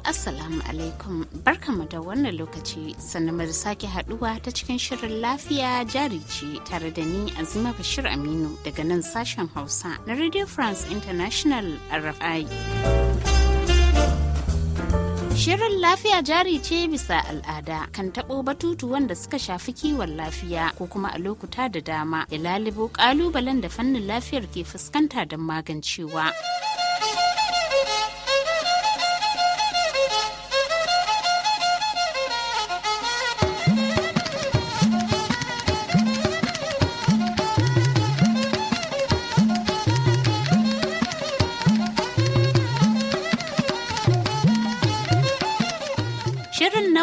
Assalamu alaikum barkamu da wannan lokaci sannan mu sake haduwa ta cikin shirin lafiya jari ce tare da ni Azima Bashir Aminu daga nan sashen Hausa na Radio France International RFI. Shirin lafiya jari ce bisa al'ada kan taɓo batutu wanda suka shafi kiwon lafiya ko kuma a lokuta da dama ya lalibo ƙalubalen da fannin lafiyar ke fuskanta don magancewa.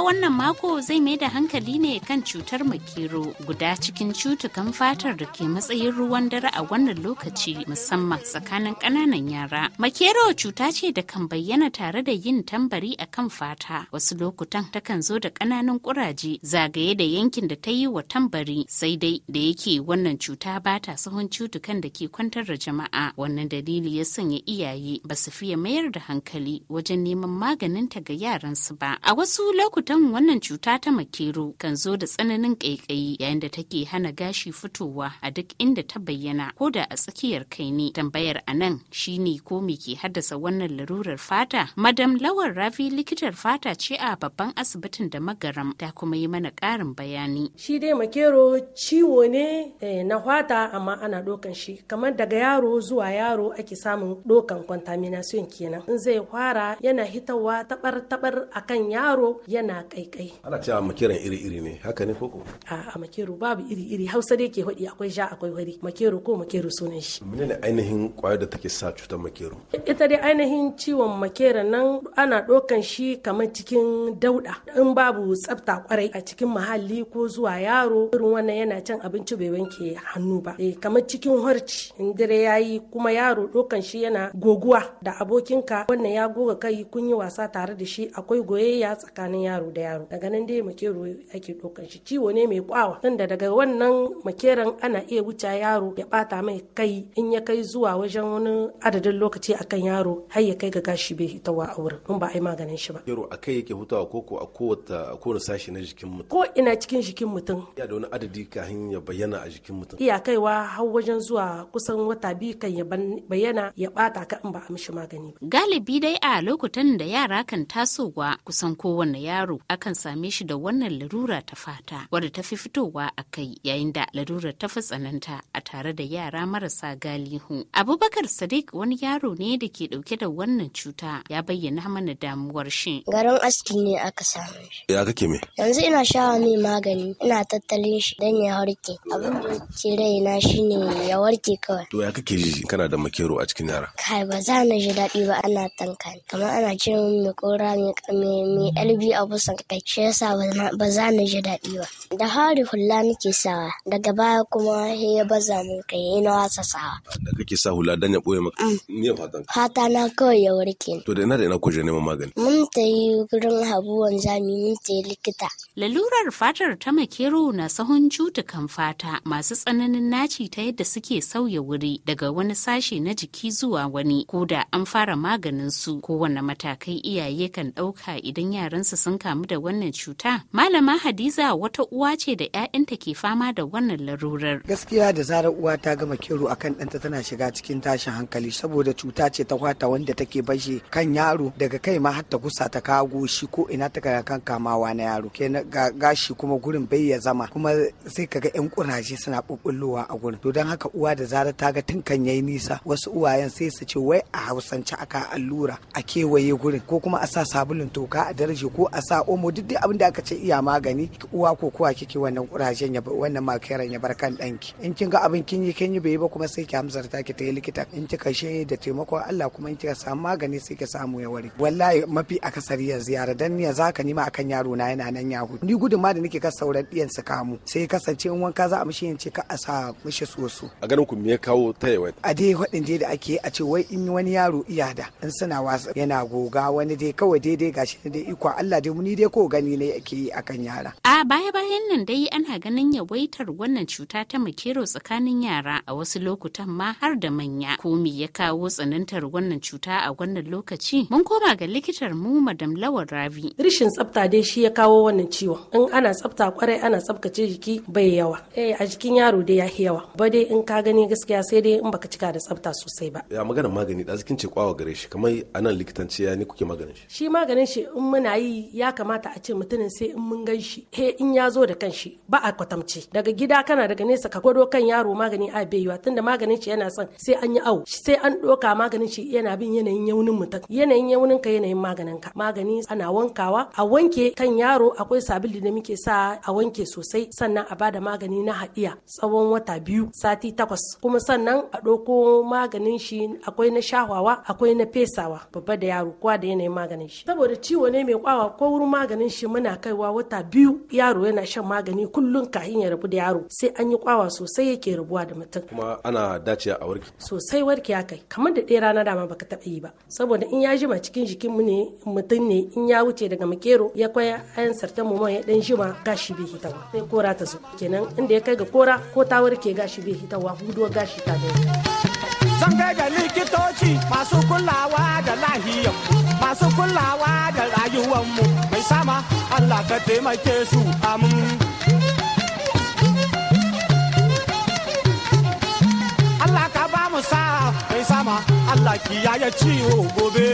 wannan mako zai mai da hankali ne kan cutar makero guda cikin cutukan fatar da ke matsayin ruwan dare a wannan lokaci musamman tsakanin ƙananan yara. Makero cuta ce da kan bayyana tare da yin tambari a kan fata wasu lokutan takan zo da ƙananan ƙuraje zagaye da yankin da ta yi wa tambari sai dai da yake wannan cuta ba ta sahun cutukan da ke kwantar da jama'a wannan dalili ya sanya iyaye ba su fiye mayar da hankali wajen neman maganinta ga yaransu ba. A wasu lokutan don wannan cuta ta makero kan zo da tsananin ƙaiƙayi yayin da take hana gashi fitowa a duk inda ta bayyana ko da a tsakiyar kai ne. Tambayar a nan shi ne, ko me ke haddasa wannan larurar fata? Madam Lawal Rafi likitar fata ce a babban asibitin da magaram ta kuma yi mana ƙarin bayani. Shi dai makero ciwo ne eh, na fata amma ana ɗaukan shi kamar daga yaro zuwa yaro ake samun ɗaukan contamination kenan. In zai fara yana hitawa tabar-tabar akan yaro yana kaikai ana cewa makeran iri-iri ne haka ne koko a a makeru babu iri-iri hausa dai ke hudi akwai ja akwai wari, makero ko makeru sunan shi menene ainihin kwayo da take sa cutar makeru? ita dai ainihin ciwon makera nan ana ɗaukan shi kamar cikin dauda in babu tsafta kwarai a cikin muhalli ko zuwa yaro irin wannan yana cin abinci bai wanke hannu ba eh kamar cikin horci in dare yayi kuma yaro ɗaukan shi yana goguwa da abokinka wannan ya goga kai kun yi wasa tare da shi akwai goyayya tsakanin yaro da da yaro daga nan dai makero ake dokan shi ciwo ne mai kwawa tunda daga wannan makeran ana iya wuce yaro ya bata mai kai in ya kai zuwa wajen wani adadin lokaci akan yaro har ya kai ga gashi bai hitawa a wurin in ba a yi maganin shi ba yaro akai yake hutawa ko ko a kowace a kowace sashi na jikin mutum ko ina cikin jikin mutum ya da wani adadi kafin ya bayyana a jikin mutum iya kaiwa har wajen zuwa kusan wata biyu kan ya bayyana ya bata ka in ba a mishi magani galibi dai a lokutan da yara kan tasowa kusan kowanne yaro akan same shi da wannan larura ta fata wadda ta fi fitowa a kai yayin da larurar ta fi tsananta a tare da yara marasa galihu. Abubakar Sadiq wani yaro ne da ke dauke da wannan cuta ya bayyana mana damuwar shi. Garin aski ne aka samu Ya kake me? Yanzu ina shawa mai magani ina tattalin shi dan ya warke. Abin da ke raina shine ya warke kawai. To ya kake ji kana da makero a cikin yara? Kai ba za na ji daɗi ba ana tanka kamar ana cire min mai kora mai mai albi a busan kai shi yasa ba za ni ji daɗi ba da hari hula nake sawa daga baya kuma ya baza mun kai na wasa sawa da kake sa hula dan ya ɓoye maka ni mm. fatan fata na kawai ya warke to da ina da ina je neman magani mun ta yi gurin habu wanzami mun ta yi likita lalurar fatar ta makero na sahun cutukan fata masu tsananin naci ta yadda suke sauya wuri daga wani sashe na jiki zuwa wani ko da an fara maganin su kowane matakai iyaye kan ɗauka idan yaransu sun kamu da wannan cuta malama hadiza wata uwa ce da 'ya'yanta ke fama da wannan larurar gaskiya da zarar uwa ta gama kero akan ɗanta tana shiga cikin tashin hankali saboda cuta ce ta kwata wanda take bashi kan yaro daga kai ma har ta gusa ta kago shi ko ina ta kan kamawa na yaro kenan gashi kuma gurin bai ya zama kuma sai kaga yan kuraje suna bubbullowa a gurin to don haka uwa da zarar ta ga tun kan yayi nisa wasu uwayen sai su ce wai a hausance aka allura a kewaye gurin ko kuma a sa sabulun toka a daraje ko a sa komo duk abin da aka ce iya magani uwa ko kuwa kike wannan kurajen ya wannan makaran ya bar kan danki in kin ga abin kin yi kin yi bai ba kuma sai ki ta ki tayi likita in kika she da taimakon Allah kuma in kika samu magani sai ki samu ya warke wallahi mafi akasari yanzu ziyara. dan ya zaka nima akan yaro na yana nan ya hudu ni gudun ma da nake ka sauran diyan su kamu sai kasance in wanka za a mishi in ce ka a sa mishi soso a ganin ku me ya kawo tayewa a dai dai da ake a ce wai in wani yaro iya da in suna wasa yana goga wani dai kawai daidai gashi dai iko Allah dai muni dai ko gani ne yake yi a kan yara. A baya-bayan nan dai ana ganin yawaitar wannan cuta ta makero tsakanin yara a wasu lokutan ma har da manya. Ko me ya kawo tsanantar wannan cuta a wannan lokaci? Mun koma ga likitar mu Madam Lawal Rabi. Rishin tsafta dai shi ya kawo wannan ciwon. In ana tsafta kwarai ana tsaftace jiki bai yawa. Eh a jikin yaro dai ya yawa. Ba dai in ka gani gaskiya sai dai in baka cika da tsafta sosai ba. Ya maganar magani da cikin ce kwawa gare shi kamar anan likitanci ya ni kuke maganin shi. Shi maganin shi in muna yi ya kamata kamata a ce mutumin sai in mun gan shi he in ya zo da kanshi ba a kwatamce daga gida kana daga nesa ka gwado kan yaro magani a bai yiwa tunda maganin shi yana son sai an yi awo sai an doka maganin shi yana bin yanayin yaunin mutum yanayin yaunin ka yanayin maganin ka magani ana wankawa a wanke kan yaro akwai sabili da muke sa a wanke sosai sannan a bada magani na haɗiya tsawon wata biyu sati takwas kuma sannan a ɗauko maganin shi akwai na shawawa akwai na fesawa babba da yaro kowa da yanayin maganin shi saboda ciwo ne mai kwawa ko wurin maganin shi muna kaiwa wata biyu yaro yana shan magani kullum kahin ya rabu da yaro sai an yi kwawa sosai yake rabuwa da mutum kuma ana dacewa a warki sosai warki ya kai kamar da ɗaya rana dama baka taɓa yi ba saboda in ya jima cikin jikin mu ne mutum ne in ya wuce daga makero ya kwaya ayan sarta mu ya dan jima gashi bai hitawa sai kora ta zo kenan inda ya kai ga kora ko ta warke gashi bai hitawa huduwar gashi ta zan kai ga likitoci masu kulawa da lahiyar masu kulawa da rayuwanmu mai sama Allah ka taimake su amin. Allah ka ba mu sa mai sama Allah kiyaye ciwo gobe.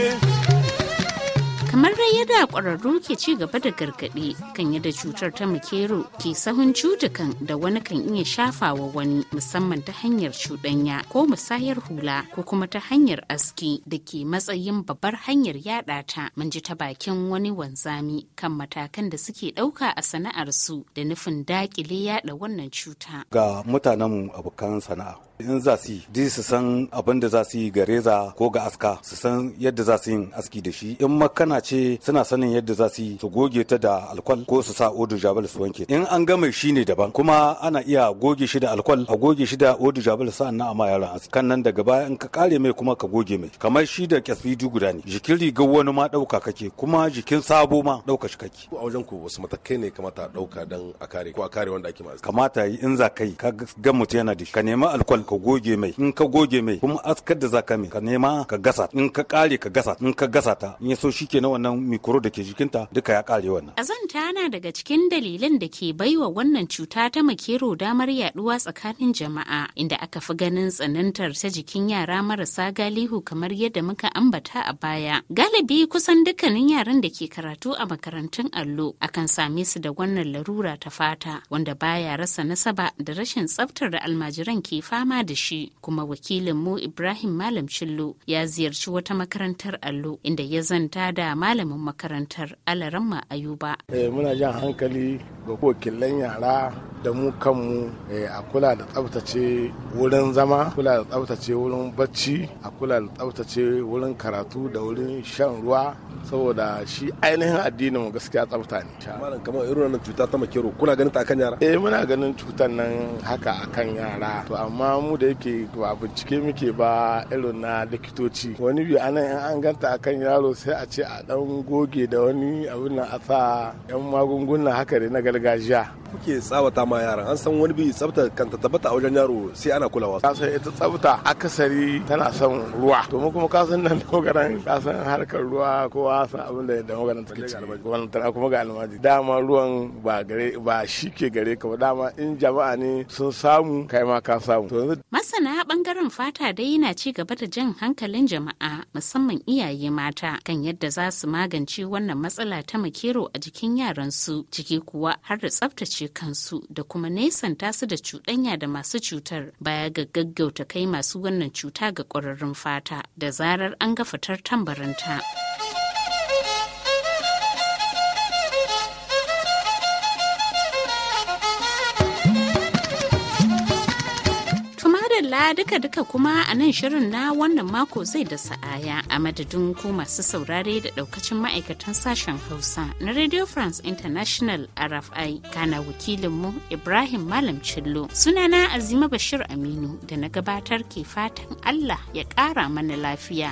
kamar dai yadda kwararru ke ci gaba da gargaɗi kan yadda cutar ta makero ke sahun cutukan da wani kan iya shafa wa wani musamman ta hanyar cuɗanya ko musayar hula ko kuma ta hanyar aski da ke matsayin babbar hanyar yaɗa ta mun ji ta bakin wani wanzami kan matakan da suke ɗauka a sana'ar su da nufin daƙile yaɗa wannan cuta ga mutanenmu abokan sana'a in za su yi di su san abin da za su yi ga reza ko ga aska su san yadda za su yin aski da shi in makana ce suna sanin yadda za su yi su goge ta da alkwal ko su sa odu jabal su wanke in an gama shi ne daban kuma ana iya goge shi da alkwal a goge shi da odu jabal sa na amma yaran aski kan nan daga baya in ka kare mai kuma ka goge mai kamar shi da kyasfi guda ne jikin rigar wani ma ɗauka kake kuma jikin sabo ma ɗauka shi kake a wajen ku wasu matakai ne kamata a ɗauka dan a kare ko a kare wanda ake ma kamata yi in za kai ka ga mutum yana da shi ka nemi alkwal ka goge mai in ka goge mai kuma askar da zaka mai ka nema ka gasa in ka kare ka gasa in ka gasa ta in so shike na wannan mikro da ke jikinta duka ya kare wannan azanta na daga cikin dalilan da ke baiwa wannan cuta ta makero damar yaduwa tsakanin jama'a inda aka fi ganin tsanantar ta jikin yara marasa galihu kamar yadda muka ambata a baya galibi kusan dukkanin yaran da ke karatu a makarantun allo akan same su da wannan larura ta fata wanda baya rasa nasaba da rashin tsaftar da almajiran ke fama zama da shi kuma wakilin mu Ibrahim Malam Cillo ya ziyarci wata makarantar allo inda ya zanta da malamin makarantar Alaramma Ayuba. Eh, muna jan hankali ga wakilan yara da mu kanmu eh, a kula da tsabtace wurin zama kula da tsabtace wurin bacci a kula da tsabtace wurin karatu da wurin shan ruwa saboda shi ainihin addinin mu gaskiya tsabta ne malam kamar irin wannan cuta ta makero kuna ganin ta akan yara eh muna ganin cutar nan haka akan yara to amma mu da yake ba bincike muke ba irin na likitoci wani bi anan in an ganta akan yaro sai a ce a dan goge da wani abin nan a sa yan magunguna haka da na gargajiya kuke tsawata ma yaran an san wani bi tsabta kan ta tabbata a wajen yaro sai ana kulawa ka san ita tsabta akasari tana son ruwa to mu kuma ka san nan ka san harkar ruwa ko san abin da yadda dogaran take ci wannan tana kuma ga almaji dama ruwan ba gare ba shike gare ka ba dama in jama'a ne sun samu kai ma ka samu masana bangaren fata dai yana ci gaba da jan hankalin jama'a musamman iyaye mata kan yadda za su magance wannan matsala ta makero a jikin su ciki kuwa har da tsaftace kansu da kuma nesanta su da cuɗanya da masu cutar baya ga gaggauta kai masu wannan cuta ga ƙwararrun fata da zarar an ga fitar tambarinta. madalla duka-duka kuma a nan shirin na wannan mako zai da sa'aya a madadin ku masu saurare da daukacin ma'aikatan sashen hausa na radio france international rfi kana wakilinmu ibrahim malam cillo sunana azima bashir aminu da na gabatar ke fatan allah ya kara mana lafiya.